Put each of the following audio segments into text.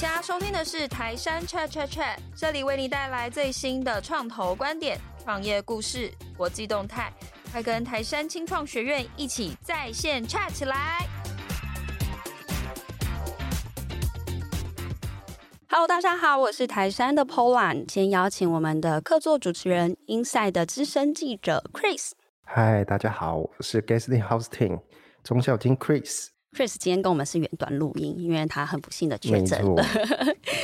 大家收聽的是台杉 Chat Chat Chat，這裡為你帶來最新的創投觀點、創業故事、國際動態，快跟台杉青創學院一起在線 chat 起來！Hello，大家好，我是台杉的 Polan，先邀請我們的客座主持人 Inside 的資深記者 Chris。Hi，大家好，我是 Guest Hosting，中小聽 Chris。Chris 今天跟我們是遠端錄音，因為他很不幸的確診了。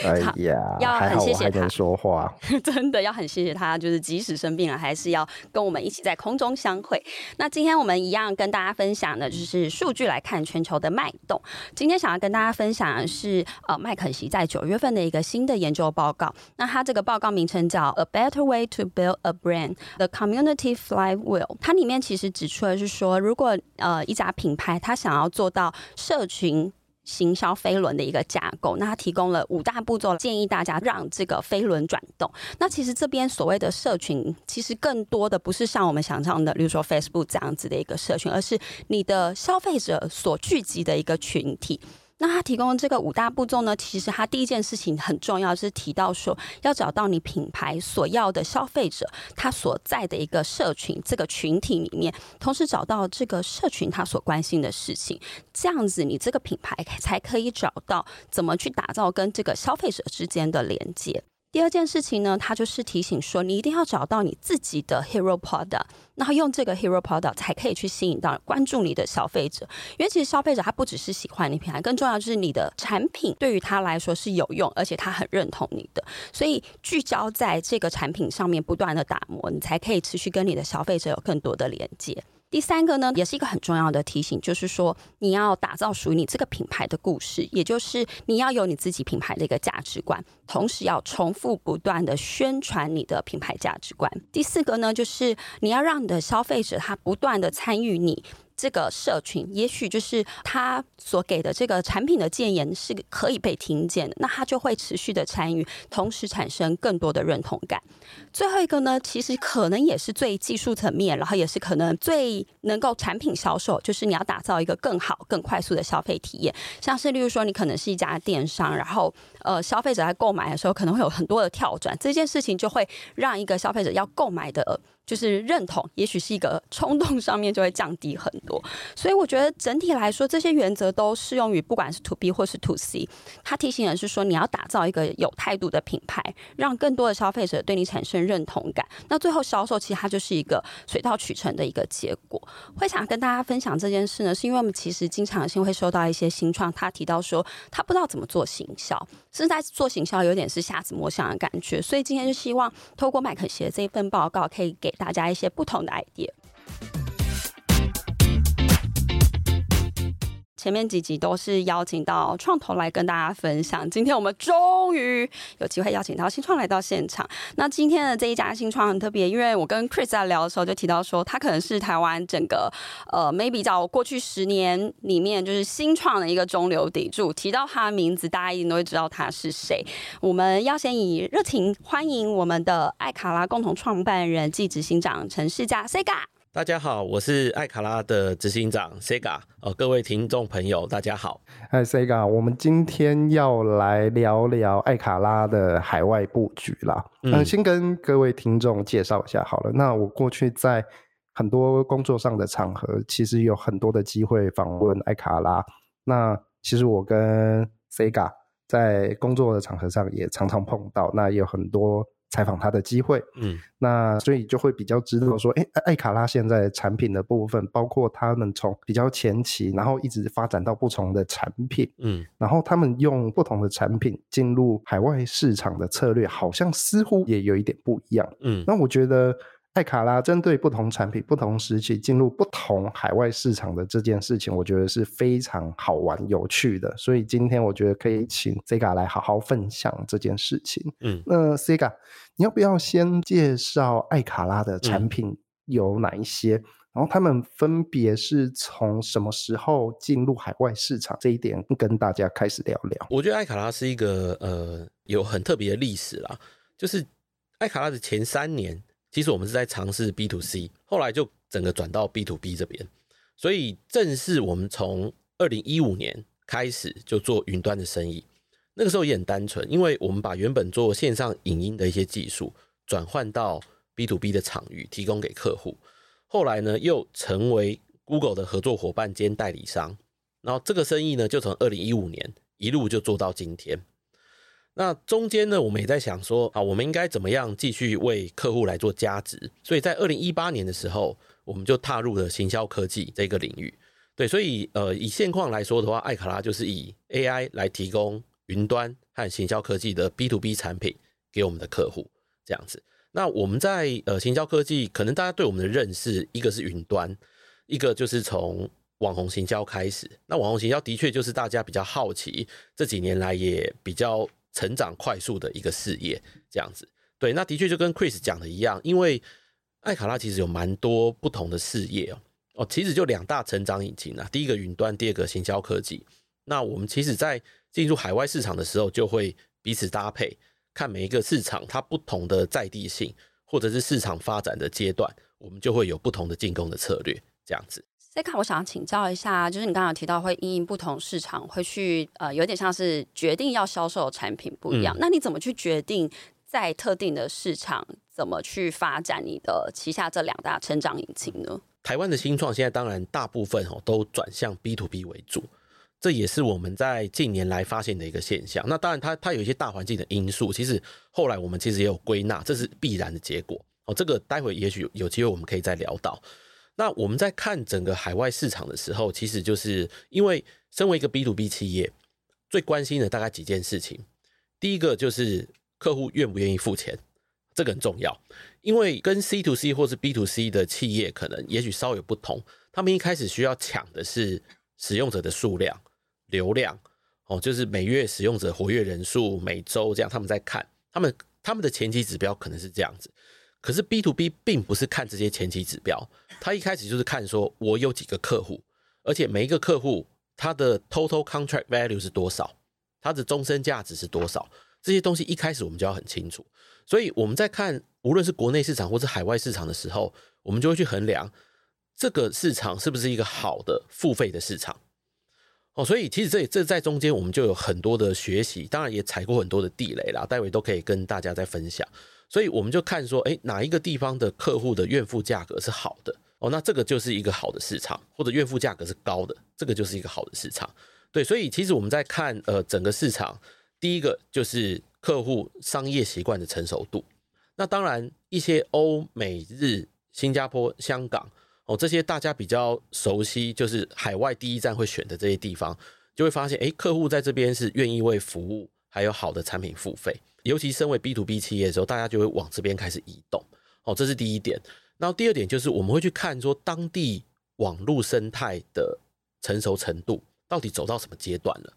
哎呀、uh, yeah, 要很謝謝他，說話 真的要很謝謝他，就是即使生病了，還是要跟我們一起在空中相會。那今天我們一樣跟大家分享的，就是數據來看全球的脈動。今天想要跟大家分享的是，呃，麥肯錫在九月份的一個新的研究報告。那它這個報告名稱叫《A Better Way to Build a Brand: The Community Flywheel》。它裡面其實指出的是說，如果呃一家品牌它想要做到社群行銷飛輪的一個架構，那它提供了五大步驟，建議大家讓這個飛輪轉動。那其實這邊所謂的社群，其實更多的不是像我們想象的，比如說 Facebook 這樣子的一個社群，而是你的消費者所聚集的一個群體。那他提供的這個五大步驟呢，其實他第一件事情很重要，是提到說要找到你品牌所要的消費者，他所在的一個社群這個群體裡面，同時找到這個社群他所關心的事情，這樣子你這個品牌才可以找到怎麼去打造跟這個消費者之間的連接。第二件事情呢，他就是提醒說，你一定要找到你自己的 hero product，然後用這個 hero product 才可以去吸引到關注你的消費者。因為其實消費者他不只是喜歡你品牌，更重要的是你的產品對於他來說是有用，而且他很認同你的。所以聚焦在這個產品上面，不斷的打磨，你才可以持續跟你的消費者有更多的連接。第三個呢，也是一個很重要的提醒，就是說你要打造屬於你這個品牌的故事，也就是你要有你自己品牌的一個價值觀，同時要重複不斷的宣傳你的品牌價值觀。第四個呢，就是你要讓你的消費者他不斷的參與你。這個社群也許就是他所給的這個產品的建言是可以被聽見的，那他就會持續的參與，同時產生更多的認同感。最後一個呢，其實可能也是最技術層面，然後也是可能最能夠產品銷售，就是你要打造一個更好、更快速的消費體驗。像是例如說，你可能是一家電商，然後呃，消費者在購買的時候可能會有很多的跳轉，這件事情就會讓一個消費者要購買的，就是認同，也許是一個衝動上面就會降低很多。所以我覺得整體來說，這些原則都適用於不管是 To B 或是 To C。他提醒的是說，你要打造一個有態度的品牌，讓更多的消費者對你產生認同感。那最後銷售，其實它就是一個水到渠成的一個結果。會想跟大家分享這件事呢，是因為我們其實經常性會收到一些新創，他提到說他不知道怎麼做行銷，甚至在做行銷有點是瞎子摸象的感覺。所以今天就希望透過麥肯錫這一份報告，可以給大家一些不同的 idea。前面幾集都是邀請到創投來跟大家分享，今天我們終於有機會邀請到新創來到現場。那今天的這一家新創很特別，因為我跟 Chris 在聊的時候就提到說，他可能是台灣整個呃 maybe 在過去十年裡面就是新創的一個中流砥柱。提到他的名字，大家一定都會知道他是誰。我們要先以熱情歡迎我們的愛卡拉共同創辦人暨執行長程世嘉，Sega 大家好，我是愛卡拉的執行長 Sega 哦，各位聽眾朋友，大家好嗨、Hey, Sega，我們今天要來聊聊愛卡拉的海外布局啦。嗯、呃，先跟各位聽眾介紹一下好了。那我過去在很多工作上的場合，其實有很多的機會訪問愛卡拉。那其實我跟 Sega 在工作的場合上也常常碰到，那也有很多。採訪他的機會，嗯，那所以就會比較知道說，哎、欸，愛卡拉現在產品的部分，包括他們從比較前期，然後一直發展到不同的產品，嗯，然後他們用不同的產品進入海外市場的策略，好像似乎也有一點不一樣，嗯，那我覺得。艾卡拉針對不同產品、不同時期進入不同海外市場的這件事情，我覺得是非常好玩、有趣的。所以今天我覺得可以請 Sega 來好好分享這件事情。嗯，那 Sega，你要不要先介紹艾卡拉的產品有哪一些？嗯、然後他們分別是從什麼時候進入海外市場？這一點跟大家開始聊聊。我覺得艾卡拉是一個呃有很特別的歷史啦，就是艾卡拉的前三年，其實我們是在嘗試 B to C，後來就整個轉到 B to B 這邊，所以正式我們從二零一五年開始就做雲端的生意，那個時候也很單純，因為我們把原本做線上影音的一些技術轉換到 B to B 的場域，提供給客戶。後來呢，又成為 Google 的合作夥伴兼代理商，然後這個生意呢，就從二零一五年一路就做到今天。那中間呢，我們也在想說，啊，我們應該怎麼樣繼續為客戶來做加值？所以在二零一八年的時候，我們就踏入了行銷科技這個領域。對，所以呃，以現況來說的話，愛卡拉就是以 AI 來提供雲端和行銷科技的 B to B 產品給我們的客戶。這樣子，那我們在呃行銷科技，可能大家對我們的認識，一個是雲端，一個就是從網紅行銷開始。那網紅行銷的確就是大家比較好奇，這幾年來也比較成長快速的一個事業，這樣子，對，那的確就跟 Chris 講的一樣，因為愛卡拉其實有蠻多不同的事業哦，哦，其實就兩大成長引擎啊，第一個雲端，第二個行銷科技。那我們其實，在進入海外市場的時候，就會彼此搭配，看每一個市場它不同的在地性，或者是市場發展的階段，我們就會有不同的進攻的策略，這樣子。再看，我想要請教一下，就是你剛剛提到會因應不同市場，會去呃，有點像是決定要銷售的產品不一樣。嗯、那你怎麼去決定在特定的市場怎麼去發展你的旗下這兩大成長引擎呢？台灣的新創現在當然大部分哦都轉向 B to B 為主，這也是我們在近年來發現的一個現象。那當然它，它它有一些大環境的因素。其實後來我們其實也有歸納，這是必然的結果。哦，這個待會也許有機會我們可以再聊到。那我們在看整個海外市場的時候，其實就是因為身為一個 B to B 企業，最關心的大概幾件事情。第一個就是客戶願不願意付錢，這個很重要。因為跟 C to C 或是 B to C 的企業可能也許稍有不同，他們一開始需要搶的是使用者的數量、流量，哦，就是每月使用者活躍人數、每週這樣，他們在看他們他們的前期指標可能是這樣子。可是 B to B 並不是看這些前期指標，它一開始就是看說我有幾個客戶，而且每一個客戶它的 Total Contract Value 是多少，它的終身價值是多少，這些東西一開始我們就要很清楚。所以我們在看無論是國內市場或是海外市場的時候，我們就會去衡量這個市場是不是一個好的付費的市場。哦，所以其實這這在中間我們就有很多的學習，當然也踩過很多的地雷啦，待會都可以跟大家再分享。所以我們就看說，誒，哪一個地方的客戶的願付價格是好的哦，那這個就是一個好的市場，或者願付價格是高的，這個就是一個好的市場。對，所以其實我們在看呃整個市場，第一個就是客戶商業習慣的成熟度。那當然，一些歐美日、新加坡、香港哦這些大家比較熟悉，就是海外第一站會選的這些地方，就會發現，誒，客戶在這邊是願意為服務還有好的產品付費。尤其身為 B to B 企業的時候，大家就會往這邊開始移動。哦，這是第一點。然後第二點就是我們會去看說當地網絡生態的成熟程度到底走到什麼階段了。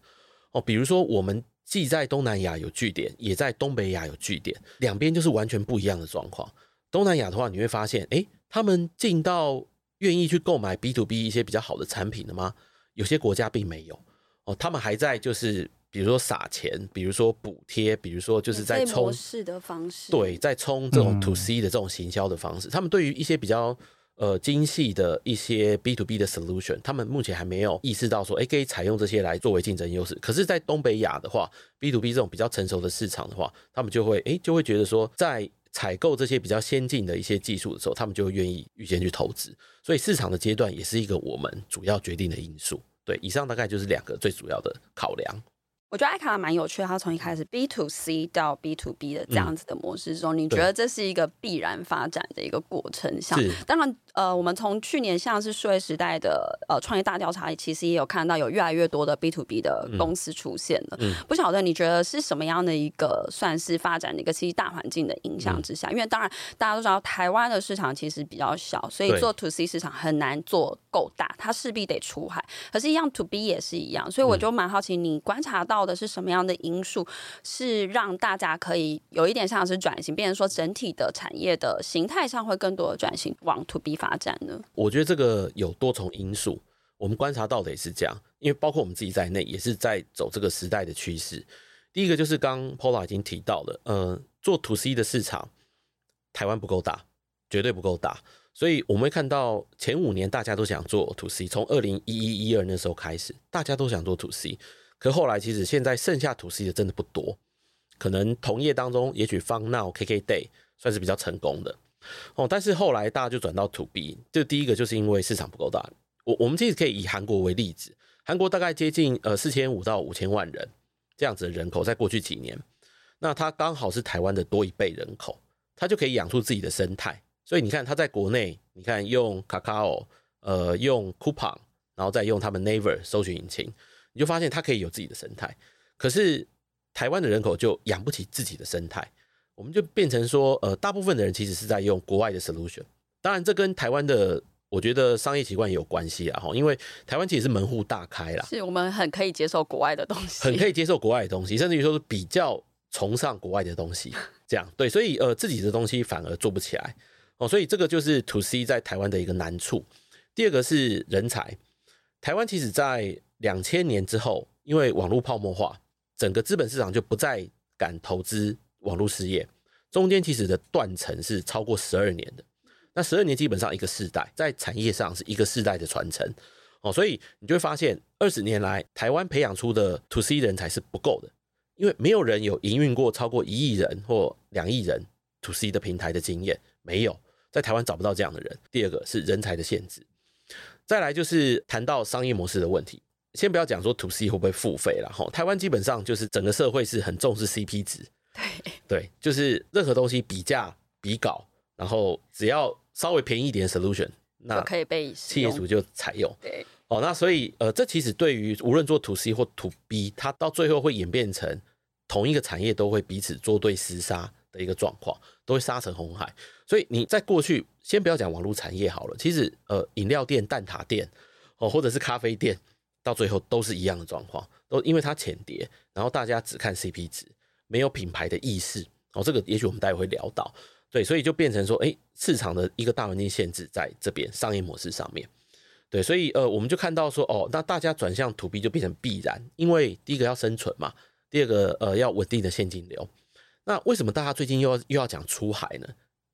哦，比如說我們既在東南亞有據點，也在東北亞有據點，兩邊就是完全不一樣的狀況。東南亞的話，你會發現，哎、欸，他們進到願意去購買 B to B 一些比較好的產品了嗎？有些國家並沒有。哦，他們還在就是。比如說撒錢，比如說補貼，比如說就是在衝式的方式，對，在衝這種 to C 的這種行銷的方式。嗯、他們對於一些比較呃精細的一些 B to B 的 solution，他們目前還沒有意識到說，哎，可以採用這些來作為競爭優勢。可是，在東北亞的話，B to B 這種比較成熟的市場的話，他們就會哎就會覺得說，在採購這些比較先進的一些技術的時候，他們就願意預先去投資。所以，市場的階段也是一個我們主要決定的因素。對，以上大概就是兩個最主要的考量。我覺得愛卡拉蠻有趣的，它從一開始 B to C 到 B to B 的這樣子的模式之中，嗯、你覺得這是一個必然發展的一個過程？像是當然。呃，我們從去年像是數位時代的呃創業大調查裡，其實也有看到有越來越多的 B to B 的公司出現了。嗯嗯、不曉得你覺得是什麼樣的一個算是發展的一個其實大環境的影響之下？嗯、因為當然大家都知道台灣的市場其實比較小，所以做 To C 市場很難做夠大，它勢必得出海。可是，一樣 To B 也是一樣，所以我就蠻好奇你觀察到的是什麼樣的因素，是讓大家可以有一點像是轉型，變成說整體的產業的形態上會更多的轉型往 To B 方發展的，我覺得這個有多重因素，我們觀察到的也是這樣，因為包括我們自己在內，也是在走這個時代的趨勢。第一個就是剛 Paula 已經提到了，嗯、呃，做 To C 的市場，台灣不夠大，絕對不夠大，所以我們會看到前五年大家都想做 To C，從二零一一一二那時候開始，大家都想做 To C，可後來其實現在剩下 To C 的真的不多，可能同業當中，也許 Fun Now KK Day 算是比較成功的。哦，但是後來大家就轉到 To B，就第一個就是因為市場不夠大。我我們其實可以以韓國為例子，韓國大概接近呃四千五到五千萬人這樣子的人口，在過去幾年，那它剛好是台灣的多一倍人口，它就可以養出自己的生態。所以你看它在國內，你看用 Kakao，呃，用 Coupang，然後再用他們 Naver 搜尋引擎，你就發現它可以有自己的生態。可是台灣的人口就養不起自己的生態。我們就變成說，呃，大部分的人其實是在用國外的 solution。當然，這跟台灣的我覺得商業習慣也有關係啊。齁，因為台灣其實是門戶大開啦，是我們很可以接受國外的東西，很可以接受國外的東西，甚至於說是比較崇尚國外的東西。這樣對，所以呃，自己的東西反而做不起來哦。所以這個就是 to C 在台灣的一個難處。第二個是人才，台灣其實在兩千年之後，因為網路泡沫化，整個資本市場就不再敢投資。網絡事業中間其實的斷層是超過十二年的，那十二年基本上一個世代，在產業上是一個世代的傳承哦，所以你就會發現二十年來台灣培養出的 to C 人才是不夠的，因為沒有人有營運過超過一億人或兩億人 to C 的平台的經驗，沒有，在台灣找不到這樣的人。第二個是人才的限制，再來就是談到商業模式的問題，先不要講說 to C 會不會付費了哈，台灣基本上就是整個社會是很重視 CP 值。對,對，就是任何東西比價比稿，然後只要稍微便宜一點 solution，那可以被企業主就採用。對，哦，那所以呃，這其實對於無論做 to C 或 to B，它到最後會演變成同一個產業都會彼此作對厮殺的一個狀況，都會殺成紅海。所以你在過去，先不要講網絡產業好了，其實呃，飲料店、蛋撻店哦，或者是咖啡店，到最後都是一樣的狀況，都因為它淺碟，然後大家只看 CP 值。沒有品牌的意識哦，這個也許我們待會會聊到，對，所以就變成說，誒，市場的一個大環境限制在這邊商業模式上面，對，所以呃，我們就看到說，哦，那大家轉向 to B 就變成必然，因為第一個要生存嘛，第二個呃，要穩定的現金流。那為什麼大家最近又要又要講出海呢？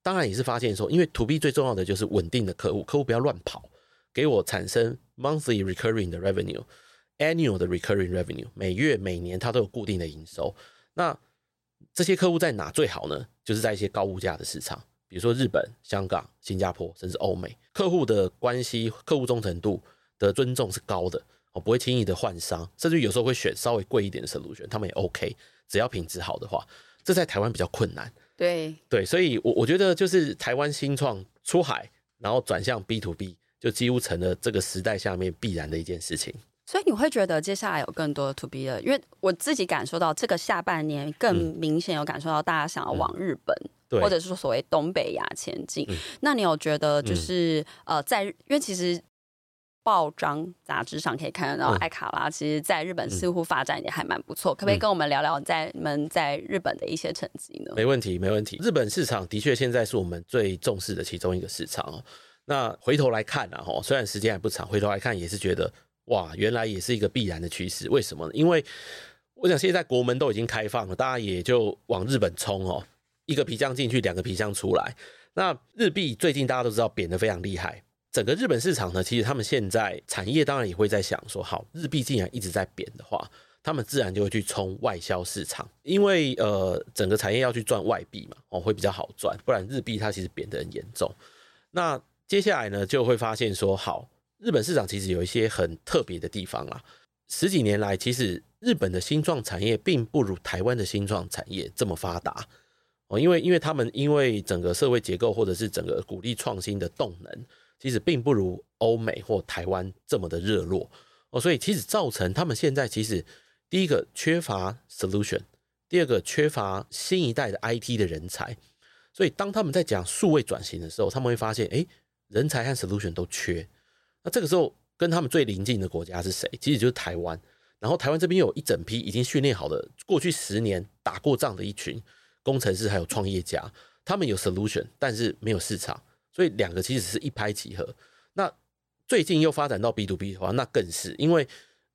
當然也是發現說，因為 to B 最重要的就是穩定的客戶，客戶不要亂跑，給我產生 monthly recurring 的 revenue，annual 的 recurring revenue，每月每年它都有固定的營收。那這些客戶在哪最好呢？就是在一些高物價的市場，比如說日本、香港、新加坡，甚至歐美，客戶的關係、客戶忠誠度的尊重是高的，我不會輕易的換商，甚至有時候會選稍微貴一點的 solution。他們也 OK，只要品質好的話，這在台灣比較困難。對對，所以我，我我覺得就是台灣新創出海，然後轉向 B to B，就幾乎成了這個時代下面必然的一件事情。所以你會覺得接下來有更多的 to B 的，因為我自己感受到這個下半年更明顯有感受到大家想要往日本，嗯、或者是說所謂東北亞前進。嗯、那你有覺得就是、嗯、呃，在因為其實報章雜誌上可以看到，愛卡拉、嗯、其實在日本似乎發展也還蠻不錯。嗯、可不可以跟我們聊聊在你們在日本的一些成績呢？沒問題，沒問題。日本市場的確現在是我們最重視的其中一個市場哦。那回頭來看呢，哈，雖然時間還不長，回頭來看也是覺得。哇，原來也是一個必然的趨勢，為什麼呢？因為我想現在國門都已經開放了，大家也就往日本衝哦，一個皮箱進去，兩個皮箱出來。那日幣最近大家都知道貶的非常厲害，整個日本市場呢，其實他們現在產業當然也會在想說，好，日幣既然一直在貶的話，他們自然就會去衝外銷市場，因為呃，整個產業要去賺外幣嘛，哦，會比較好賺，不然日幣它其實貶的很嚴重。那接下來呢，就會發現說好。日本市場其實有一些很特別的地方啊，十幾年來，其實日本的新創產業並不如台灣的新創產業這麼發達哦，因為因為他們因為整個社會結構或者是整個鼓勵創新的動能，其實並不如歐美或台灣這麼的熱絡哦，所以其實造成他們現在其實第一個缺乏 solution，第二個缺乏新一代的 IT 的人才，所以當他們在講數位轉型的時候，他們會發現，哎、欸，人才和 solution 都缺。那這個時候跟他們最鄰近的國家是誰？其實就是台灣。然後台灣這邊有一整批已經訓練好的，過去十年打過仗的一群工程師，還有創業家，他們有 solution，但是沒有市場，所以兩個其實是一拍即合。那最近又發展到 B to B 的話，那更是因為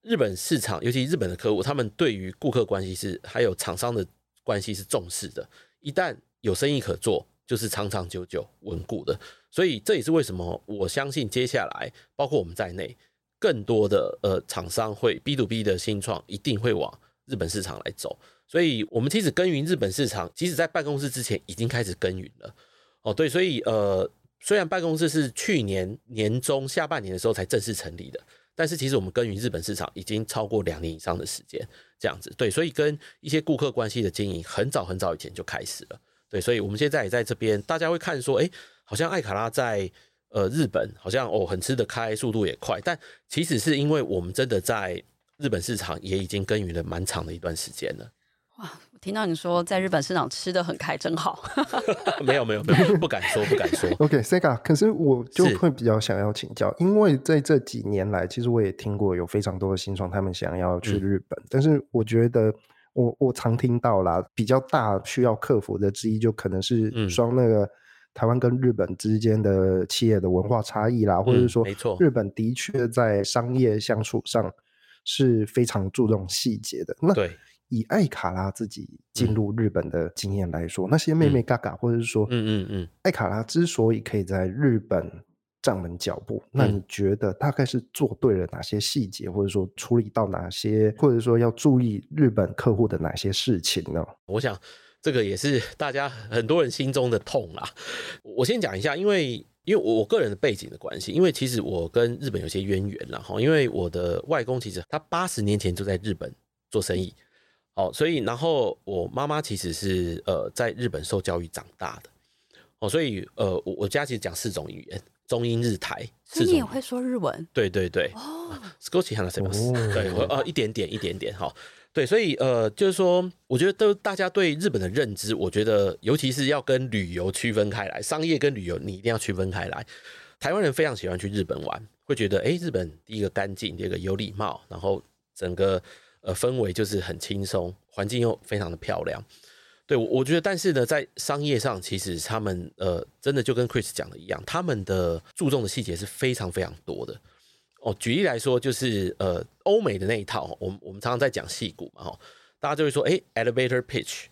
日本市場，尤其日本的客戶，他們對於顧客關係是還有廠商的關係是重視的。一旦有生意可做，就是長長久久、穩固的。所以這也是為什麼我相信接下來包括我們在內，更多的呃廠商會 B to B 的新創一定會往日本市場來走。所以我們其實耕耘日本市場，其實在辦公室之前已經開始耕耘了。哦，對，所以呃，雖然辦公室是去年年中下半年的時候才正式成立的，但是其實我們耕耘日本市場已經超過兩年以上的時間。這樣子，對，所以跟一些顧客關係的經營很早很早以前就開始了。對，所以我們現在也在這邊，大家會看說，哎。好像愛卡拉在呃日本好像哦很吃得開，速度也快，但其實是因為我們真的在日本市場也已經耕耘了蠻長的一段時間了。哇，聽到你說在日本市場吃得很開，真好。 沒有沒有沒有，不敢說不敢說。OK，Sega，可是我就會比較想要請教，是因為在這幾年來，其實我也聽過有非常多的新創他們想要去日本，嗯、但是我覺得我我常聽到啦，比較大需要克服的之一，就可能是雙那個。台灣跟日本之間的企業的文化差異啦，或者是說，日本的確在商業相處上是非常注重細節的。那以愛卡拉自己進入日本的經驗來說，那些妹妹嘎嘎，或者是說，嗯嗯嗯，嗯嗯嗯愛卡拉之所以可以在日本站穩腳步，那你覺得大概是做對了哪些細節，或者說處理到哪些，或者說要注意日本客戶的哪些事情呢？我想。這個也是大家很多人心中的痛啦。我先講一下，因為因為我我個人的背景的關係，因為其實我跟日本有些淵源啦，然後因為我的外公其實他八十年前就在日本做生意，好、哦，所以然後我媽媽其實是呃在日本受教育長大的，哦，所以呃我我家其實講四種語言，中英日台，所以你也會說日文？對對對，哦，少しはなせます，哦、對我呃一點點一點點哈。哦對，所以呃，就是說，我覺得都大家對日本的認知，我覺得尤其是要跟旅遊區分開來，商業跟旅遊你一定要區分開來。台灣人非常喜歡去日本玩，會覺得哎，日本第一個乾淨，第二個有禮貌，然後整個呃氛圍就是很輕鬆，環境又非常的漂亮。對我，我覺得，但是呢，在商業上，其實他們呃，真的就跟 Chris 講的一樣，他們的注重的細節是非常非常多的。哦，舉例來說，就是呃，歐美的那一套，我們我們常常在講矽谷嘛哈，大家就會說，哎、欸，elevator pitch，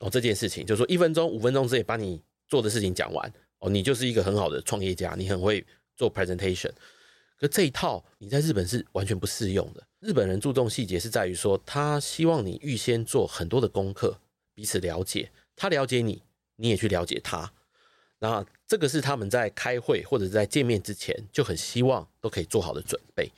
哦，這件事情就是說，一分鐘、五分鐘之內把你做的事情講完，哦，你就是一個很好的創業家，你很會做 presentation。可這一套你在日本是完全不適用的。日本人注重細節，是在於說他希望你預先做很多的功課，彼此了解，他了解你，你也去了解他，然這個是他們在開會或者在見面之前就很希望都可以做好的準備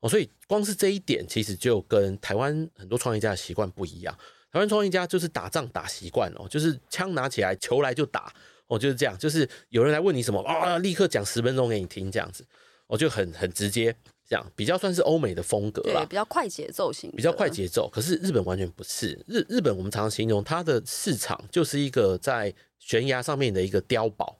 哦，所以光是這一點其實就跟台灣很多創業家的習慣不一樣。台灣創業家就是打仗打習慣哦，就是槍拿起來，球來就打哦，就是這樣，就是有人來問你什麼啊，哦，立刻講十分鐘給你聽這樣子哦，就很很直接，這樣比較算是歐美的風格，對，比較快節奏型，比較快節奏。可是日本完全不是，日，日本，我們常常形容它的市場就是一個在懸崖上面的一個碉堡。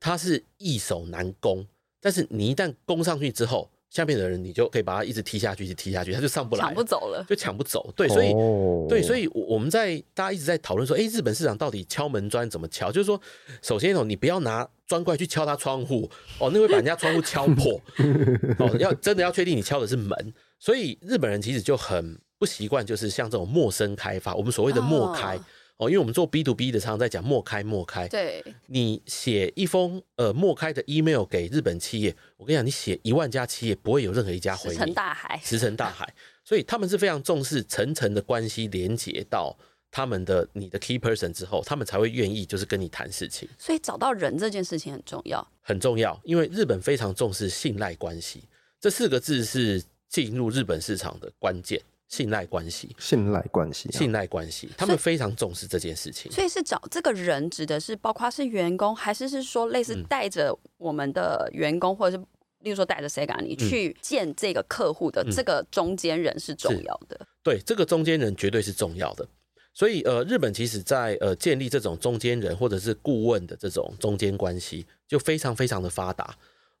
它是易守難攻，但是你一旦攻上去之後，下面的人你就可以把它一直踢下去，一直踢下去，他就上不來了，搶不走了，就搶不走。對，oh. 所以對，所以我們在大家一直在討論說，哎，日本市場到底敲門磚怎麼敲？就是說，首先一種你不要拿磚塊去敲他窗戶，哦，那會把人家窗戶敲破。 哦，要真的要確定你敲的是門，所以日本人其實就很不習慣，就是像這種陌生開發，我們所謂的“陌開”。Oh. 哦，因為我們做 B to B 的，常常在講陌開陌開。對，你寫一封呃陌開的 email 給日本企業，我跟你講，你寫一萬家企業不會有任何一家回。石沉大海，石沉大海。所以他們是非常重視層層的關係連接到他們的你的 key person 之後，他們才會願意就是跟你談事情。所以找到人這件事情很重要，很重要，因為日本非常重視信賴關係，這四個字是進入日本市場的關鍵。信賴關係，信賴關係、啊，信賴關係，他們非常重視這件事情。所以，所以是找這個人，指的是包括是員工，還是是說類似帶着我們的員工，嗯、或者是例如說帶着 Sega 你去見這個客戶的、嗯、這個中間人是重要的。對，這個中間人絕對是重要的。所以呃，日本其實在，在呃建立這種中間人或者是顧問的這種中間關係，就非常非常的發達。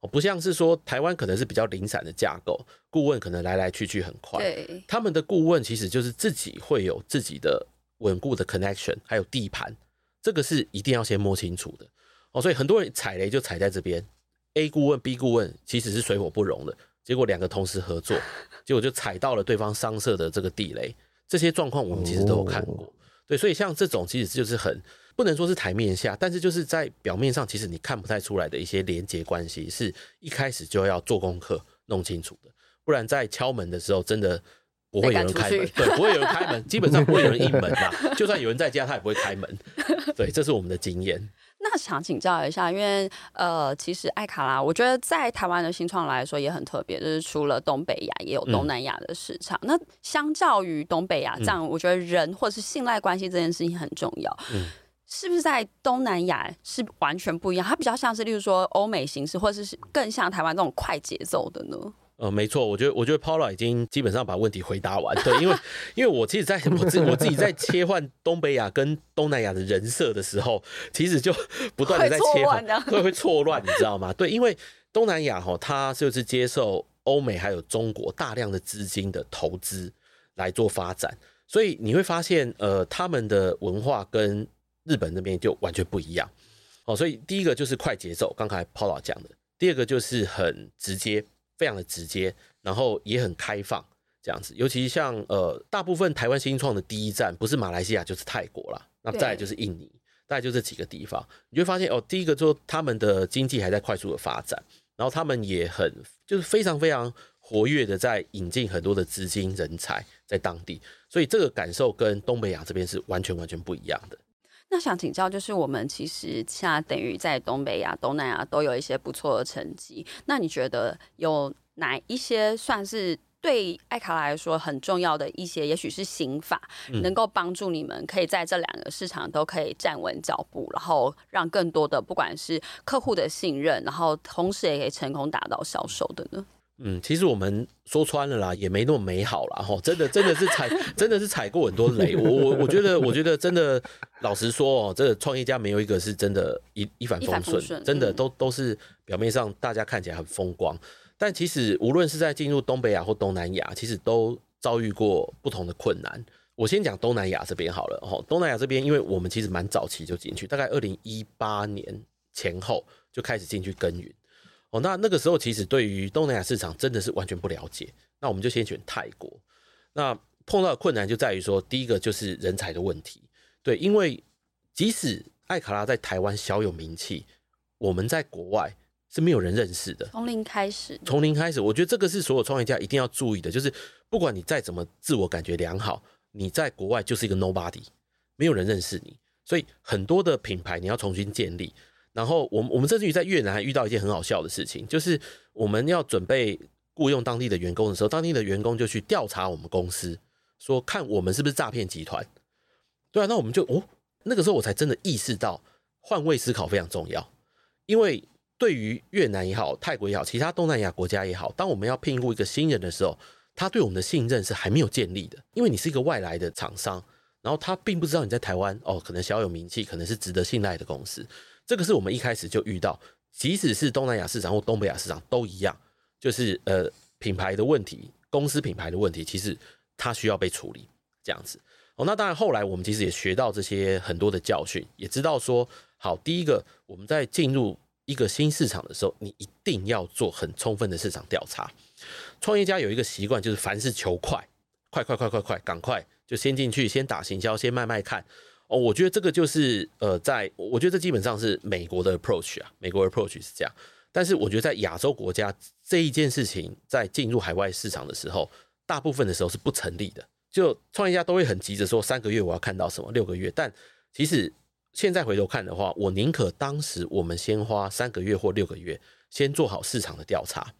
不像是說台灣可能是比較零散的架構，顧問可能來來去去很快。對他們的顧問其實就是自己會有自己的穩固的 connection，還有地盤，這個是一定要先摸清楚的。哦，所以很多人踩雷就踩在這邊，A 顧問、B 顧問其實是水火不容的，結果兩個同時合作， 結果就踩到了對方商社的這個地雷。這些狀況我們其實都有看過。哦哦哦對，所以像這種其實就是很。不能說是檯面下，但是就是在表面上，其實你看不太出來的一些連接關係，是一開始就要做功課弄清楚的，不然在敲門的時候，真的不會有人開門，對，不會有人開門， 基本上不會有人應門嘛。 就算有人在家，他也不會開門。對，這是我們的經驗。那想請教一下，因為呃，其實愛卡拉，我覺得在台灣的新創來說也很特別，就是除了東北亞，也有東南亞的市場。嗯、那相較於東北亞，這樣我覺得人或者是信賴關係這件事情很重要。嗯是不是在東南亞是完全不一樣？它比較像是，例如說歐美形式，或者是更像台灣這種快節奏的呢？呃，沒錯，我覺得我覺得 Paula 已經基本上把問題回答完。 對，因為因為我其實在我自我自己在切換東北亞跟東南亞的人設的時候，其實就不斷的在切換，會這樣 會錯亂，你知道嗎？對，因為東南亞哈、哦，它就是接受歐美還有中國大量的資金的投資來做發展，所以你會發現，呃，他們的文化跟日本那邊就完全不一樣，哦，所以第一個就是快節奏，剛才 Paul 講的；第二個就是很直接，非常的直接，然後也很開放這樣子。尤其像呃，大部分台灣新創的第一站不是馬來西亞就是泰國啦。那再來就是印尼，再來就這幾個地方，你會發現哦、喔，第一個就他們的經濟還在快速的發展，然後他們也很就是非常非常活躍的在引進很多的資金人才在當地，所以這個感受跟東北亞這邊是完全完全不一樣的。那想請教，就是我們其實現在等於在東北亞、東南亞都有一些不錯的成績。那你覺得有哪一些算是對愛卡來說很重要的一些？也許是心法能夠幫助你們可以在這兩個市場都可以站穩腳步，然後讓更多的不管是客戶的信任，然後同時也可以成功達到銷售的呢？嗯，其實我們說穿了啦，也沒那麼美好啦。哈。真的，真的是踩， 真的是踩過很多雷。我我我覺得，我覺得真的，老實說哦，喔，這個創業家沒有一個是真的一一帆風順，風順，真的都都是表面上大家看起來很風光，但其實無論是在進入東北亞或東南亞，其實都遭遇過不同的困難。我先講東南亞這邊好了哈。東南亞這邊，因為我們其實蠻早期就進去，大概二零一八年前後就開始進去耕耘。哦，那那個時候其實，對於東南亞市場真的是完全不了解。那我們就先選泰國。那碰到的困難就在於說，第一個就是人才的問題。對，因為即使愛卡拉在台灣小有名氣，我們在國外是沒有人認識的。從零開始。從零開始，我覺得這個是所有創業家一定要注意的，就是不管你再怎麼自我感覺良好，你在國外就是一個 nobody，沒有人認識你。所以很多的品牌你要重新建立。然後我們，我我們甚至於在越南還遇到一件很好笑的事情，就是我們要準備雇傭當地的員工的時候，當地的員工就去調查我們公司，說看我們是不是詐騙集團。對啊，那我們就哦，那個時候我才真的意識到換位思考非常重要。因為對於越南也好，泰國也好，其他東南亞國家也好，當我們要聘僱一個新人的時候，他對我們的信任是還沒有建立的，因為你是一個外來的廠商，然後他並不知道你在台灣哦，可能小有名氣，可能是值得信賴的公司。這個是我們一開始就遇到，即使是東南亞市場或東北亞市場都一樣，就是呃品牌的問題，公司品牌的問題，其實它需要被處理這樣子。哦，那當然後來我們其實也學到這些很多的教訓，也知道說，好，第一個我們在進入一個新市場的時候，你一定要做很充分的市場調查。創業家有一個習慣就是凡事求快，快快快快快，趕快就先進去，先打行銷，先賣賣看。哦，我覺得這個就是呃，在我覺得這基本上是美國的 approach 啊，美國的 approach 是這樣。但是我覺得在亞洲國家這一件事情，在進入海外市場的時候，大部分的時候是不成立的。就創業家都會很急着說三個月我要看到什麼，六個月。但其實現在回頭看的話，我寧可當時我們先花三個月或六個月，先做好市場的調查，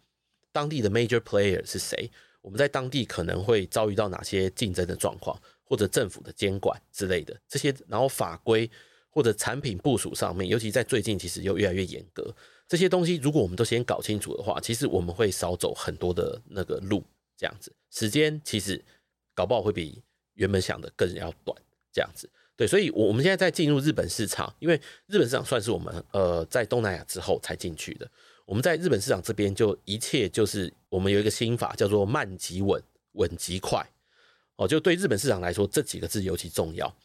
當地的 major player 是誰，我們在當地可能會遭遇到哪些競爭的狀況。或者政府的監管之類的這些，然後法規或者產品部署上面，尤其在最近，其實又越來越嚴格。這些東西如果我們都先搞清楚的話，其實我們會少走很多的那個路，這樣子時間其實搞不好會比原本想的更要短。這樣子，對，所以，我我們現在在進入日本市場，因為日本市場算是我們呃在東南亞之後才進去的。我們在日本市場這邊就一切就是我們有一個心法，叫做慢即穩，穩即快。哦，就對日本市場來說，這幾個字尤其重要。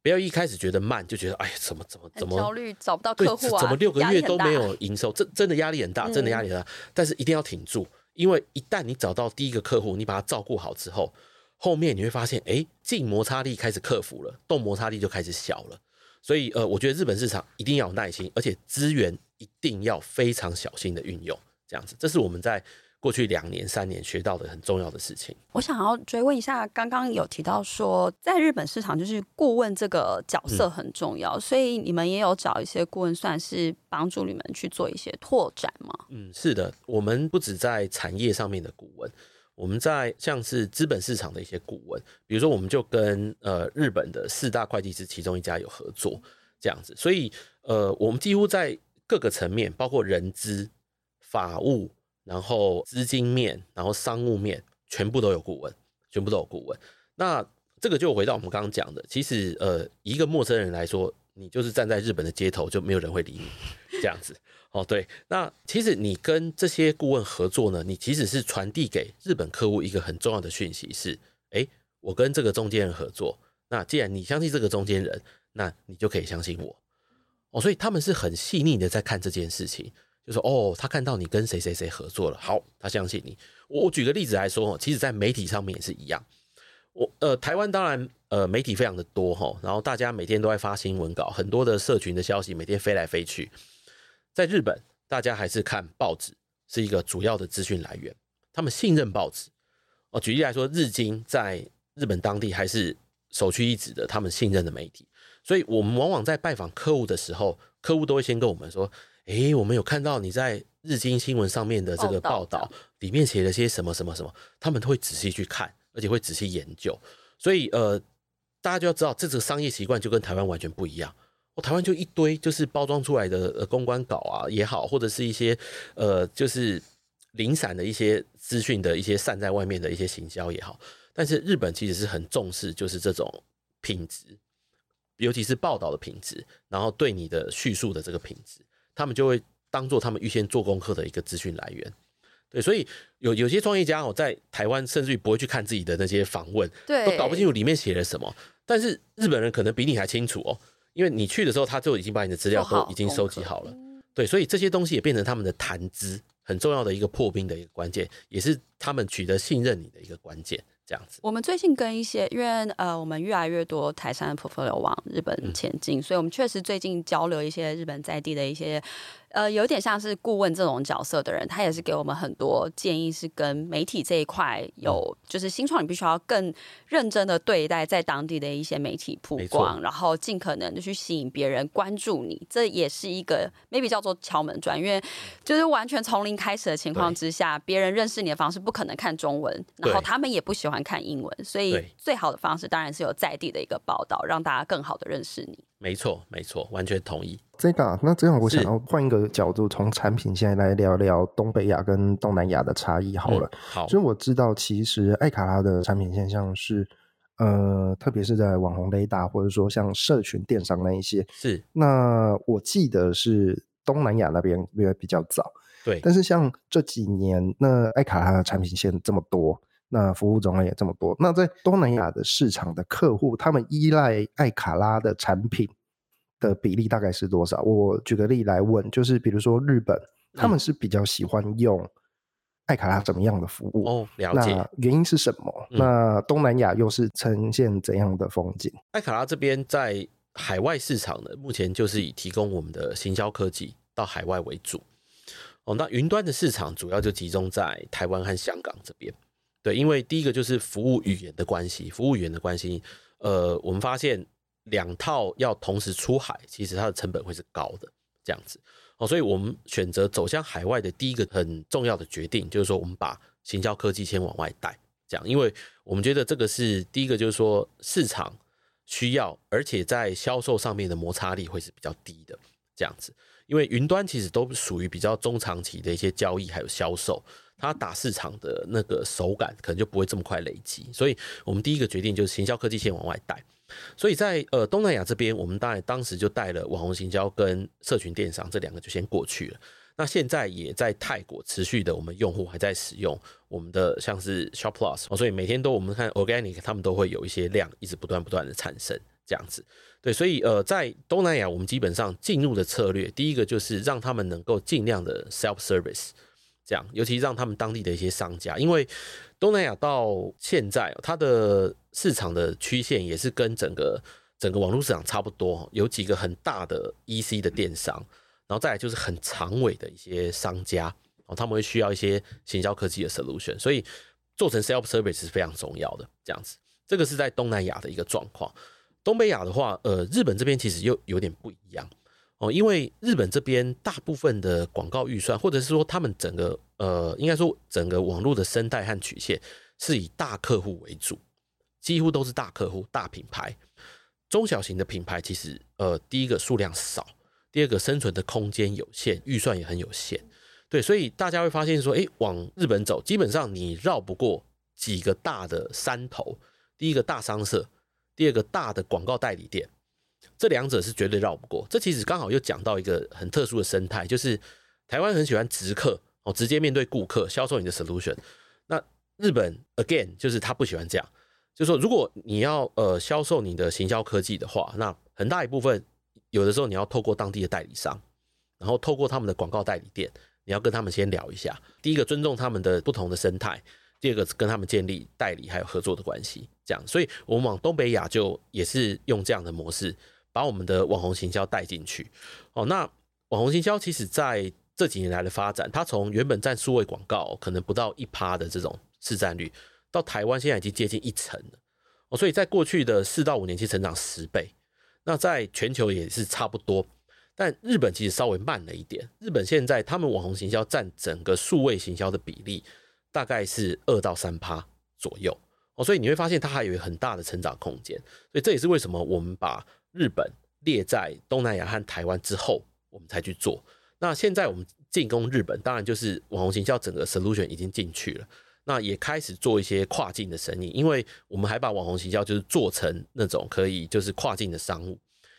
不要一開始覺得慢，就覺得哎呀，怎麼怎麼怎麼焦慮，找不到客戶啊？怎麼六個月都沒有營收？這真的壓力很大，真的壓力很大。嗯，但是一定要挺住，因為一旦你找到第一個客戶，你把他照顧好之後，後面你會發現，哎，靜摩擦力開始克服了，動摩擦力就開始小了。所以，呃，我覺得日本市場一定要有耐心，而且資源一定要非常小心的運用。這樣子，這是我們在。過去兩年三年學到的很重要的事情。我想要追問一下，剛剛有提到說在日本市場，就是顧問這個角色很重要，嗯，所以你們也有找一些顧問，算是幫助你們去做一些拓展嗎？嗯，是的，我們不止在產業上面的顧問，我們在像是資本市場的一些顧問，比如說我們就跟呃日本的四大會計師其中一家有合作這樣子，所以呃，我們幾乎在各個層面，包括人資、法務。然後資金面，然後商務面，全部都有顧問，全部都有顧問。那這個就回到我們剛剛講的，其實呃，以一個陌生人來說，你就是站在日本的街頭就沒有人會理你，這樣子。哦，對，那其實你跟這些顧問合作呢，你其實是傳遞給日本客戶一個很重要的訊息是：哎，我跟這個中間人合作。那既然你相信這個中間人，那你就可以相信我。哦，所以他們是很細膩的在看這件事情。就是哦，他看到你跟誰誰誰合作了，好，他相信你。我我舉個例子來說，哦，其實，在媒體上面也是一樣。我呃，台灣當然呃，媒體非常的多哈，然後大家每天都在發新聞稿，很多的社群的消息每天飛來飛去。在日本，大家還是看報紙是一個主要的資訊來源，他們信任報紙。哦，舉例來說，日經在日本當地還是首屈一指的，他們信任的媒體。所以，我們往往在拜訪客戶的時候，客戶都會先跟我們說。誒、欸，我們有看到你在日經新聞上面的這個報道，裡面寫了些什麼什麼什麼，他們都會仔細去看，而且會仔細研究。所以呃，大家就要知道，這個商業習慣就跟台灣完全不一樣。我、哦、台灣就一堆就是包裝出來的公關稿啊也好，或者是一些呃就是零散的一些資訊的一些散在外面的一些行銷也好，但是日本其實是很重視就是這種品質，尤其是報道的品質，然後對你的敘述的這個品質。他們就會當做他們預先做功課的一個資訊來源，對，所以有有些創業家哦，在台灣甚至於不會去看自己的那些訪問，對，都搞不清楚裡面寫了什麼。但是日本人可能比你還清楚哦，嗯，因為你去的時候，他就已經把你的資料都已經收集好了，哦好，對，所以這些東西也變成他們的談資，很重要的一個破冰的一個關鍵，也是他們取得信任你的一個關鍵。我們最近跟一些，因為呃，我們越來越多台商的 portfolio 往日本前進，嗯、所以我們確實最近交流一些日本在地的一些。呃，有點像是顧問這種角色的人，他也是給我們很多建議，是跟媒體這一塊有，嗯、就是新創你必須要更認真的對待在當地的一些媒體曝光，沒錯，然後盡可能的去吸引別人關注你，這也是一個 maybe 叫做敲門磚，因為就是完全從零開始的情況之下，別對人認識你的方式不可能看中文，對，然後他們也不喜歡看英文，所以最好的方式當然是有在地的一個報道，讓大家更好的認識你。沒錯，沒錯，完全同意這個。那這樣我想要換一個角度，是從產品線來聊聊東北亞跟東南亞的差異好了。嗯、好，所以我知道，其實愛卡拉的產品線像是，呃，特別是在網紅雷達，或者說像社群電商那一些。是。那我記得是東南亞那邊比較早，對。但是像這幾年，那愛卡拉的產品線這麼多。那服務種類也這麼多。那在東南亞的市場的客戶，他們依賴艾卡拉的產品的比例大概是多少？我舉個例來問，就是比如說日本，嗯、他們是比較喜歡用艾卡拉怎麼樣的服務？哦，了解。那原因是什麼？嗯、那東南亞又是呈現怎樣的風景？艾卡拉這邊在海外市場呢，目前就是以提供我們的行銷科技到海外為主。哦，那雲端的市場主要就集中在台灣和香港這邊。對，因為第一個就是服務語言的關係，服務語言的關係，呃，我們發現兩套要同時出海，其實它的成本會是高的這樣子。哦，所以我們選擇走向海外的第一個很重要的決定，就是說我們把行銷科技先往外帶，這樣，因為我們覺得這個是第一個，就是說市場需要，而且在銷售上面的摩擦力會是比較低的這樣子，因為雲端其實都屬於比較中長期的一些交易，還有銷售。它打市場的那個手感可能就不會這麼快累積，所以我們第一個決定就是行銷科技線往外帶。所以在呃東南亞這邊，我們當然當時就帶了網紅行銷跟社群電商這兩個就先過去了。那現在也在泰國持續的，我們用戶還在使用我們的像是 Shoplus，所以每天都我們看 Organic，他們都會有一些量一直不斷不斷的產生這樣子。對，所以呃在東南亞，我們基本上進入的策略第一個就是讓他們能夠儘量的 self service。這樣，尤其讓他們當地的一些商家，因為東南亞到現在它的市場的曲線也是跟整個整個網絡市場差不多，有幾個很大的 EC 的電商，然後再來就是很長尾的一些商家，哦，他們會需要一些行銷科技的 solution，所以做成 self service 是非常重要的。這樣子，這個是在東南亞的一個狀況。東北亞的話，呃，日本這邊其實又有點不一樣。哦，因為日本這邊大部分的廣告預算，或者是說他們整個呃，應該說整個網絡的生態和曲線是以大客戶為主，幾乎都是大客戶、大品牌，中小型的品牌其實呃，第一個數量少，第二個生存的空間有限，預算也很有限，對，所以大家會發現說，誒，往日本走，基本上你繞不過幾個大的山頭，第一個大商社，第二個大的廣告代理店。這兩者是絕對繞不過，這其實剛好又講到一個很特殊的生態，就是台灣很喜歡直客哦，直接面對顧客銷售你的 solution。那日本 again 就是他不喜歡這樣，就是說如果你要呃銷售你的行銷科技的話，那很大一部分有的時候你要透過當地的代理商，然後透過他們的廣告代理店，你要跟他們先聊一下。第一個尊重他們的不同的生態。第二個是跟他們建立代理還有合作的關係，這樣，所以我們往東北亞就也是用這樣的模式，把我們的網紅行銷帶進去。哦，那網紅行銷其實在這幾年來的發展，它從原本佔數位廣告可能不到一趴的這種市占率，到台灣現在已經接近一成了。哦，所以在過去的四到五年期成長十倍，那在全球也是差不多，但日本其實稍微慢了一點。日本現在他們網紅行銷佔整個數位行銷的比例，大概是二到三趴左右哦，所以你會發現它還有很大的成長空間。所以這也是為什麼我們把日本列在東南亞和台灣之後，我們才去做。那現在我們進攻日本，當然就是網紅行銷，整個 Solution 已經進去了，那也開始做一些跨境的生意。因為我們還把網紅行銷就是做成那種可以就是跨境的商務，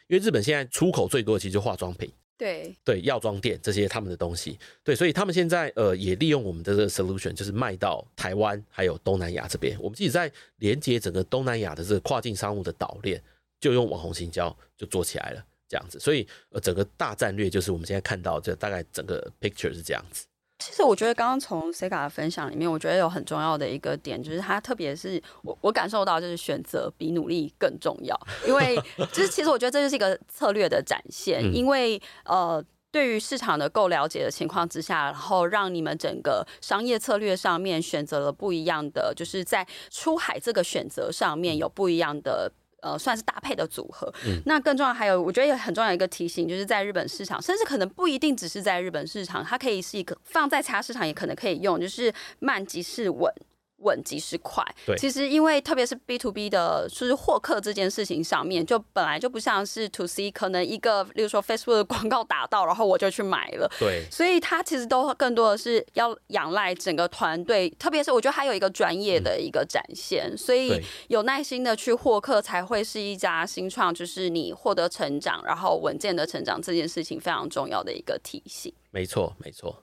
因為日本現在出口最多的其實就化妝品。對對，藥妝店這些他們的東西，對，所以他們現在呃也利用我們的這個 solution，就是賣到台灣還有東南亞這邊。我們自己在連接整個東南亞的這個跨境商務的島鏈，就用網紅行銷就做起來了，這樣子。所以呃整個大戰略就是我們現在看到這大概整個 picture 是這樣子。其實我覺得，剛剛從 Sega 的分享裡面，我覺得有很重要的一個點，就是他特別是我我感受到，就是選擇比努力更重要。因為就是其實我覺得這就是一個策略的展現， 因為呃，對於市場的夠了解的情況之下，然後讓你們整個商業策略上面選擇了不一樣的，就是在出海這個選擇上面有不一樣的。呃，算是搭配的組合。嗯，那更重要還有，我覺得也很重要一個提醒，就是在日本市場，甚至可能不一定只是在日本市場，它可以是一個放在其他市場也可能可以用，就是慢即是穩。穩即是快。對其實因為特別是 B to B 的，就是獲客這件事情上面，就本來就不像是 to C，可能一個，例如說 Facebook 的廣告打到，然後我就去買了。對，所以它其實都更多的是要仰賴整個團隊，特別是我覺得還有一個專業的一個展現，嗯、所以有耐心的去獲客，才會是一家新創，就是你獲得成長，然後穩健的成長這件事情非常重要的一個提醒。沒錯，沒錯。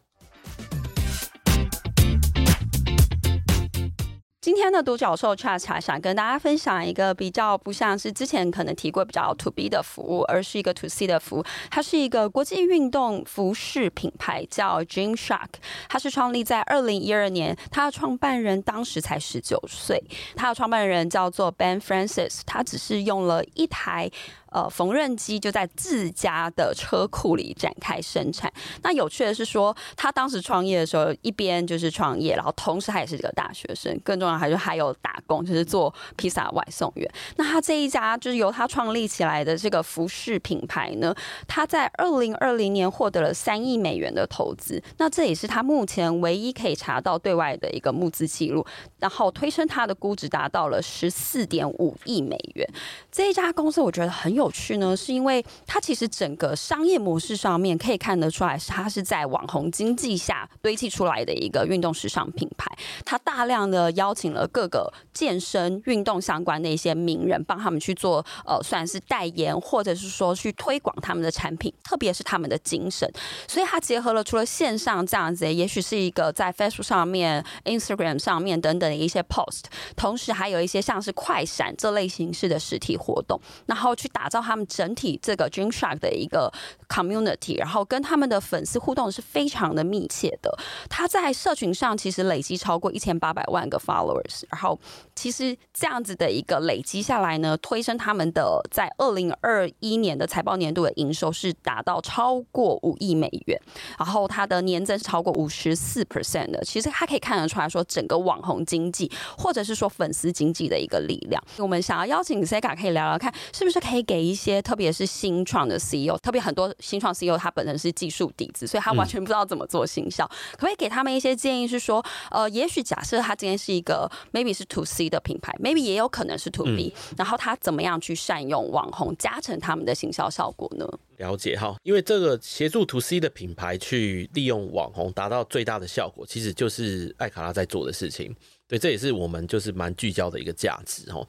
今天的獨角獸恰恰想跟大家分享一個比較不像是之前可能提過比較 to B 的服務，而是一個 to C 的服務。它是一個國際運動服飾品牌，叫 Gymshark。它是創立在二零一二年，它的創辦人當時才十九歲。它的創辦人叫做 Ben Francis，他只是用了一台。呃，縫紉機就在自家的車庫裡展開生產。那有趣的是說，說他當時創業的時候，一邊就是創業，然後同時他也是一個大學生，更重要還是還有打工，就是做披薩外送員。那他這一家就是由他創立起來的這個服飾品牌呢，他在二零二零年獲得了三億美元的投資，那這也是他目前唯一可以查到對外的一個募資記錄。然後推升他的估值達到了十四點五億美元。這一家公司我覺得很有。有趣呢，是因為它其實整個商業模式上面可以看得出來，它是在網紅經濟下堆砌出來的一個運動時尚品牌。它大量的邀請了各個健身運動相關的一些名人，幫他們去做呃，算是代言，或者是說去推廣他們的產品，特別是他們的精神。所以它結合了除了線上這樣子也，也許是一個在 Facebook 上面、Instagram 上面等等的一些 Post，同時還有一些像是快閃這類形式的實體活動，然後去打。打造他們整體這個 Gymshark 的一個。Community，然後跟他們的粉絲互動是非常的密切的。他在社群上其實累積超過一千八百萬個 followers，然後其實這樣子的一個累積下來呢，推升他們的在二零二一年的財報年度的營收是達到超過五億美元，然後它的年增是超過五十四 percent 的。其實他可以看得出來說，整個網紅經濟或者是說粉絲經濟的一個力量。我們想要邀請 Sega 可以聊聊看，是不是可以給一些特別是新創的 CEO，特別很多。新創 CEO 他本人是技術底子，所以他完全不知道怎麼做行銷。嗯、可不可以給他們一些建議？是說，呃，也許假設他今天是一個 maybe 是 to C 的品牌，maybe 也有可能是 to B，嗯、然後他怎麼樣去善用網紅，加成他們的行銷效果呢？了解哈，因為這個協助 to C 的品牌去利用網紅達到最大的效果，其實就是艾卡拉在做的事情。對，這也是我們就是蠻聚焦的一個價值哦。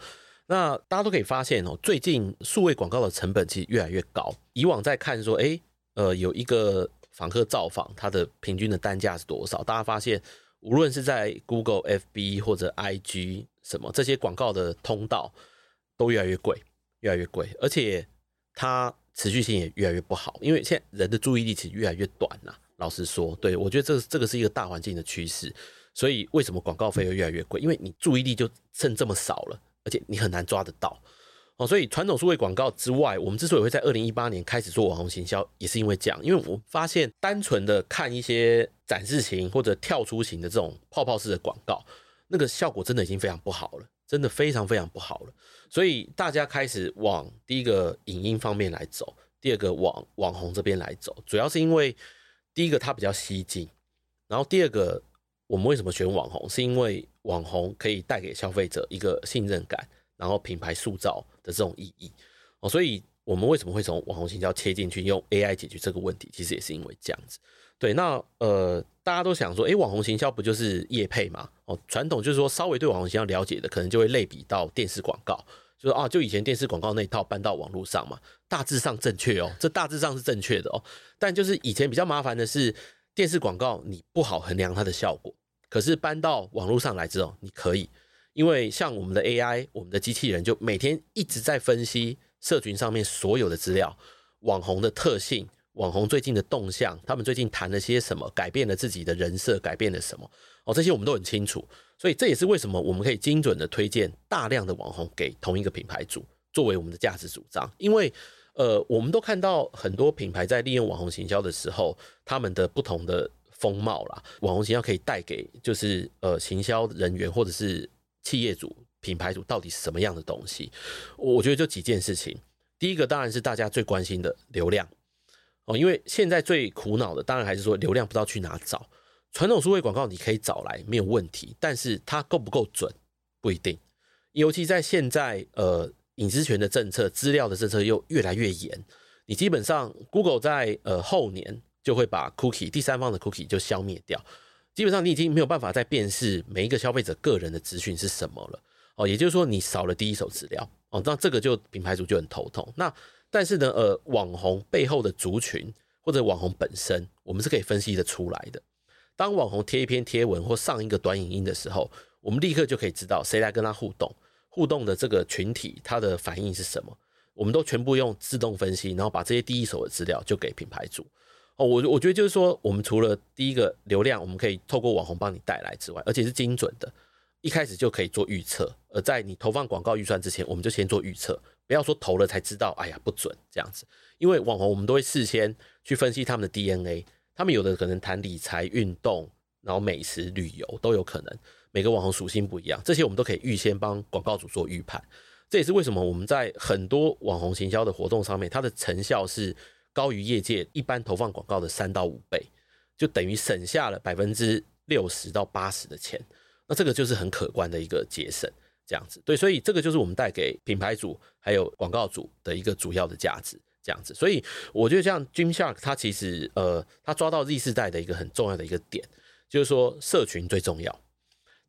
那大家都可以發現哦，最近數位廣告的成本其實越來越高。以往在看說，哎，呃，有一個訪客造訪，它的平均的單價是多少？大家發現，無論是在 Google、FB 或者 IG 什麼這些廣告的通道，都越來越貴，越來越貴，而且它持續性也越來越不好。因為現在人的注意力其實越來越短了。老實說，對，我覺得這個這個是一個大環境的趨勢。所以為什麼廣告費會越來越貴？因為你注意力就剩這麼少了。而且你很難抓得到，哦，所以傳統數位廣告之外，我們之所以會在二零一八年開始做網紅行銷，也是因為這樣。因為我發現單純的看一些展示型或者跳出型的這種泡泡式的廣告，那個效果真的已經非常不好了，真的非常非常不好了。所以大家開始往第一個影音方面來走，第二個往網紅這邊來走，主要是因為第一個它比較吸睛，然後第二個。我們為什麼選網紅？是因為網紅可以帶給消費者一個信任感，然後品牌塑造的這種意義哦。所以我們為什麼會從網紅行銷切進去，用 AI 解決這個問題？其實也是因為這樣子。對，那呃，大家都想說，哎，網紅行銷不就是業配嗎？哦，傳統就是說稍微對網紅行銷了解的，可能就會類比到電視廣告，就說啊，就以前電視廣告那一套搬到網路上嘛，大致上正確哦，這大致上是正確的哦。但就是以前比較麻煩的是。電視廣告你不好衡量它的效果，可是搬到網絡上來之後，你可以，因為像我們的 AI，我們的機器人就每天一直在分析社群上面所有的資料、網紅的特性，網紅最近的動向，他們最近談了些什麼，改變了自己的人設，改變了什麼，哦，這些我們都很清楚，所以這也是為什麼我們可以精準的推薦大量的網紅給同一個品牌主，作為我們的價值主張，因為。呃，我們都看到很多品牌在利用網紅行銷的時候，他們的不同的風貌啦，網紅行銷可以帶給就是呃，行銷人員或者是企業主、品牌主到底是什麼樣的東西？我覺得就幾件事情，第一個當然是大家最關心的流量哦，因為現在最苦惱的當然還是說流量不知道去哪找，傳統數位廣告你可以找來沒有問題，但是它夠不夠準不一定，尤其在現在呃。隱私權的政策，資料的政策又越來越嚴。你基本上，Google 在呃後年就會把 Cookie 第三方的 Cookie 就消滅掉。基本上，你已經沒有辦法再辨識每一個消費者個人的資訊是什麼了。哦，也就是說，你少了第一手資料。哦，那這個就品牌主就很頭痛。那但是呢，呃，網紅背後的族群或者網紅本身，我們是可以分析得出來的。當網紅貼一篇貼文或上一個短影音的時候，我們立刻就可以知道誰來跟他互動。互動的這個群體，它的反應是什麼？我們都全部用自動分析，然後把這些第一手的資料就給品牌主。哦，我我覺得就是說，我們除了第一個流量，我們可以透過網紅幫你帶來之外，而且是精準的，一開始就可以做預測。而在你投放廣告預算之前，我們就先做預測，不要說投了才知道，哎呀不準這樣子。因為網紅，我們都會事先去分析他們的 DNA，他們有的可能談理財、運動，然後美食、旅遊都有可能。每個網紅屬性不一樣，這些我們都可以預先幫廣告主做預判。這也是為什麼我們在很多網紅行銷的活動上面，它的成效是高於業界一般投放廣告的三到五倍，就等於省下了百分之六十到八十的錢。那這個就是很可觀的一個節省，這樣子對。所以這個就是我們帶給品牌主還有廣告主的一個主要的價值，這樣子。所以我覺得像 Gymshark 它其實呃，它抓到 Z 世代的一個很重要的一個點，就是說社群最重要。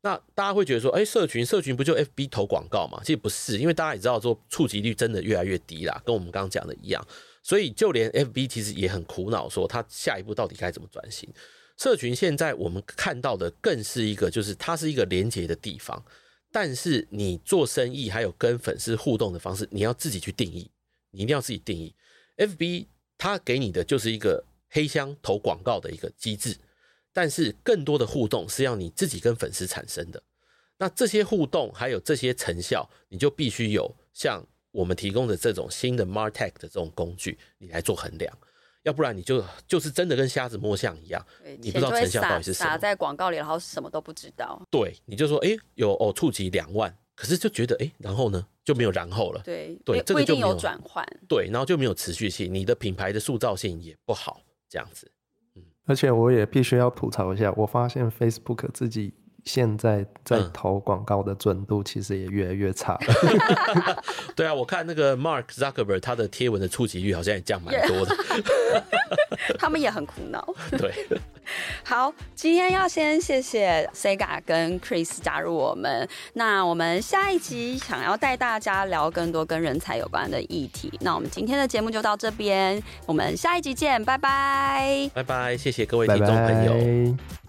那大家會覺得說，誒、欸，社群社群不就 FB 投廣告嘛？其實不是，因為大家也知道說，說觸及率真的越來越低啦，跟我們剛剛講的一樣。所以就連 FB 其實也很苦惱，說他下一步到底該怎麼轉型？社群現在我們看到的更是一個，就是它是一個連接的地方，但是你做生意還有跟粉絲互動的方式，你要自己去定義，你一定要自己定義。FB 它給你的就是一個黑箱投廣告的一個機制。但是更多的互動是要你自己跟粉絲產生的，那這些互動還有這些成效，你就必須有像我們提供的這種新的 Martech 的這種工具，你來做衡量，要不然你就就是真的跟瞎子摸象一樣，對你不知道成效到底是什麼，撒在廣告裡然後什麼都不知道。對，你就說哎、欸、有哦觸及兩萬，可是就覺得哎、欸、然後呢，就沒有然後了。對對，對這個就沒有轉換。對，然後就沒有持續性，你的品牌的塑造性也不好，這樣子。而且我也必須要吐槽一下，我發現 Facebook 自己現在在投廣告的準度其實也越來越差。嗯、 對啊，我看那個 Mark Zuckerberg 他的貼文的觸及率好像也降蠻多的。對。 他們也很苦惱。對，好，今天要先謝謝 Sega 跟 Chris 加入我們。那我們下一集想要帶大家聊更多跟人才有關的議題。那我們今天的節目就到這邊，我們下一集見，拜拜。拜拜，謝謝各位聽眾朋友。拜拜。